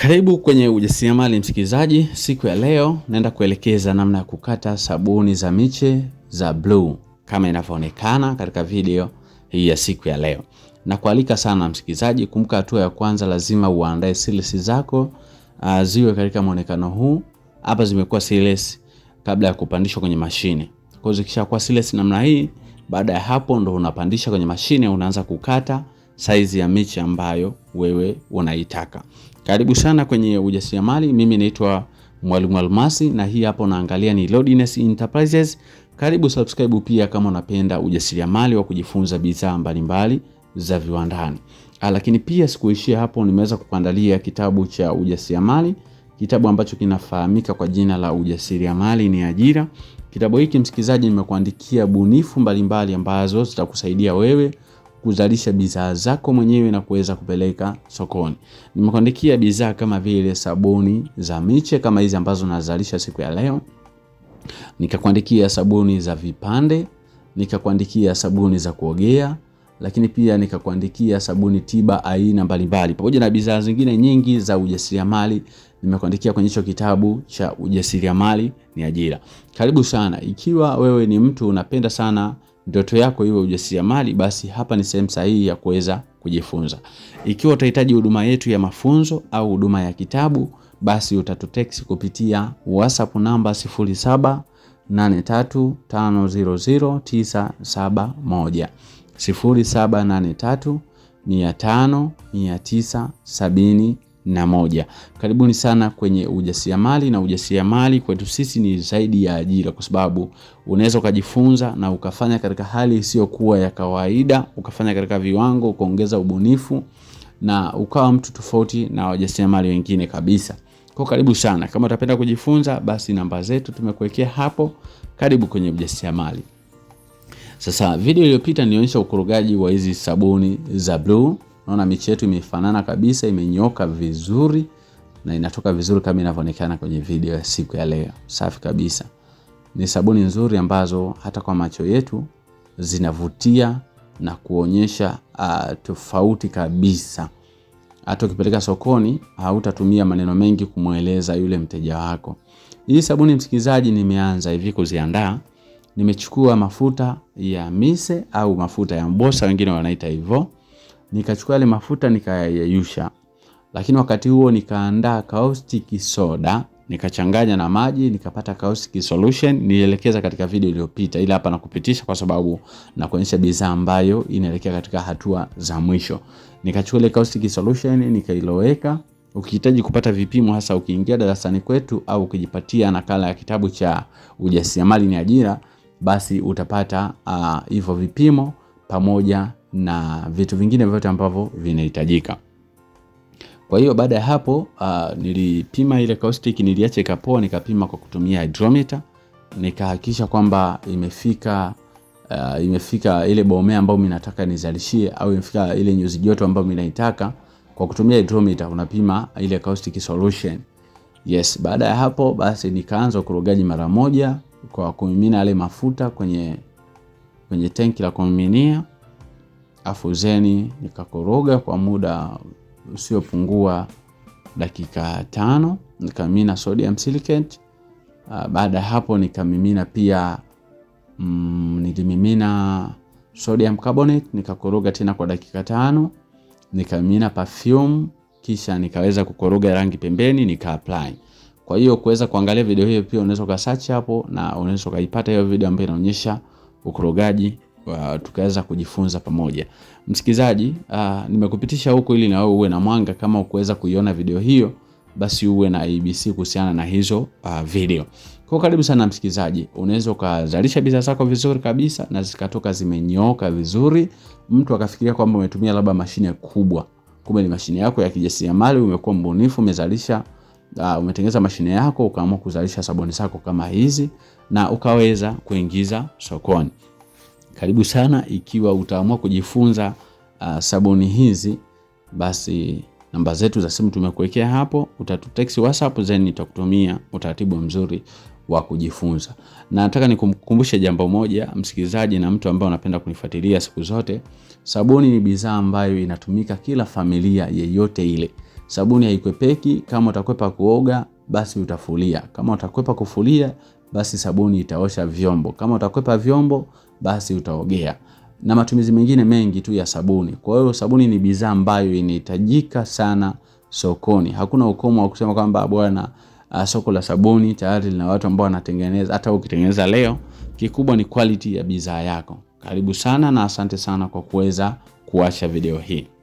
Karibu kwenye ujasiriamali msikilizaji. Siku ya leo naenda kuelekeza namna ya kukata sabuni za miche za bluu kama inavyoonekana katika video hii ya siku ya leo. Nakualika sana msikilizaji, kumbuka hatua ya kwanza lazima uandae silesi zako uh, ziwe katika muonekano huu hapa. Zimekuwa silesi kabla ya kupandishwa kwenye mashine. Kwa hiyo zikishakuwa silesi namna hii, baada ya hapo ndo unapandisha kwenye mashine, unaanza kukata saizi ya miche ambayo wewe unaitaka. Karibu sana kwenye ujasiriamali. Mimi naitwa Mwalimu Almasi na hii hapo naangalia ni Lodness Enterprises. Karibu subscribe pia kama unapenda ujasiriamali wa kujifunza bidhaa mbalimbali za viwandani. Ah, lakini pia sikuishia hapo, nimeweza kukuandalia kitabu cha ujasiriamali, kitabu ambacho kinafahamika kwa jina la Ujasiriamali ni Ajira. Kitabu hiki msikilizaji, nimekuandikia bunifu mbalimbali mbali ambazo zitakusaidia wewe kuzalisha bidhaa zako mwenyewe na kuweza kupeleka sokoni. Nimekuandikia bidhaa kama vile sabuni za miche kama hizi ambazo nazalisha siku ya leo, nikakuandikia sabuni za vipande, nikakuandikia sabuni za kuogea lakini pia nikakuandikia sabuni tiba aina mbalimbali pamoja na bidhaa zingine nyingi za ujasiriamali nimekuandikia kwenye hicho kitabu cha Ujasiriamali ni Ajira. Karibu sana. Ikiwa wewe ni mtu unapenda sana ndoto yako iwe ujasiriamali, basi hapa ni sehemu sahihi ya kuweza kujifunza. Ikiwa utahitaji huduma yetu ya mafunzo au huduma ya kitabu, basi utatuteksi kupitia WhatsApp namba 0783500971 0783 na moja. Karibuni sana kwenye ujasiriamali, na ujasiriamali kwetu sisi ni zaidi ya ajira, kwa sababu unaweza ukajifunza na ukafanya katika hali isiyokuwa ya kawaida, ukafanya katika viwango, ukaongeza ubunifu na ukawa mtu tofauti na wajasiriamali wengine kabisa. Kwa karibu sana. Kama utapenda kujifunza, basi namba zetu tumekuwekea hapo. Karibu kwenye ujasiriamali. Sasa video iliyopita nilionyesha ukorogaji wa hizi sabuni za bluu Unaona miche yetu imefanana kabisa, imenyoka vizuri na inatoka vizuri kama inavyoonekana kwenye video ya siku ya leo. Safi kabisa. Ni sabuni nzuri ambazo hata kwa macho yetu zinavutia na kuonyesha uh, tofauti kabisa. Hata ukipeleka sokoni hautatumia maneno mengi kumweleza yule mteja wako. Hii sabuni msikilizaji, nimeanza hivi kuziandaa. Nimechukua mafuta ya mise au mafuta ya mbosa, wengine wanaita hivyo nikachukua yale mafuta nikayayeyusha, lakini wakati huo nikaandaa caustic soda nikachanganya na maji nikapata caustic solution. Nielekeza katika video iliyopita, ila hapa nakupitisha kwa sababu nakuonyesha bidhaa ambayo inaelekea katika hatua za mwisho. Nikachukua ile caustic solution nikailoweka. Ukihitaji kupata vipimo, hasa ukiingia darasani kwetu au ukijipatia nakala ya kitabu cha ujasiriamali ni ajira, basi utapata ah, hivyo uh, vipimo pamoja na vitu vingine vyote ambavyo vinahitajika. Kwa hiyo baada ya hapo uh, nilipima ile caustic, niliacha ikapoa, nikapima kwa kutumia hydrometer nikahakikisha kwamba imefika uh, imefika ile bomea ambayo mimi nataka nizalishie au imefika ile nyuzi joto ambayo mimi naitaka. Kwa kutumia hydrometer unapima ile caustic solution. Yes, baada ya hapo basi nikaanza ukorogaji mara moja kwa kumimina yale mafuta kwenye kwenye tenki la kumiminia afuzeni, nikakoroga kwa muda usiopungua dakika tano, nikamimina sodium silicate. Uh, Baada ya hapo nikamimina pia mm, nilimimina sodium carbonate nikakoroga tena kwa dakika tano, nikamimina perfume kisha nikaweza kukoroga rangi pembeni nika apply. Kwa hiyo kuweza kuangalia video hiyo pia unaweza ukasearch hapo na unaweza ukaipata hiyo video ambayo inaonyesha ukorogaji tukaweza kujifunza pamoja. Msikilizaji, uh, nimekupitisha huko ili na wewe uwe na mwanga. Kama ukuweza kuiona video hiyo, basi uwe na ABC kuhusiana na hizo uh, video. Kwa karibu sana msikilizaji, unaweza ukazalisha bidhaa zako vizuri kabisa na zikatoka zimenyooka vizuri, mtu akafikiria kwamba umetumia labda mashine kubwa, kumbe ni mashine yako ya kijasiriamali. Umekuwa mbunifu, umezalisha uh, umetengeneza mashine yako, ukaamua kuzalisha sabuni zako kama hizi na ukaweza kuingiza sokoni. Karibu sana ikiwa utaamua kujifunza uh, sabuni hizi, basi namba zetu za simu tumekuwekea hapo, utatutext WhatsApp, then nitakutumia utaratibu mzuri wa kujifunza. Na nataka jambo moja, msikilizaji na mtu ambaye unapenda kunifuatilia siku zote, sabuni ni bidhaa ambayo inatumika kila familia yeyote ile. Sabuni haikwepeki. Kama utakwepa kuoga, basi utafulia. Kama utakwepa kufulia, basi sabuni itaosha vyombo. Kama utakwepa vyombo, basi utaogea na matumizi mengine mengi tu ya sabuni. Kwa hiyo sabuni ni bidhaa ambayo inahitajika sana sokoni. Hakuna ukomo wa kusema kwamba bwana uh, soko la sabuni tayari lina watu ambao wanatengeneza. Hata ukitengeneza leo, kikubwa ni quality ya bidhaa yako. Karibu sana na asante sana kwa kuweza kuacha video hii.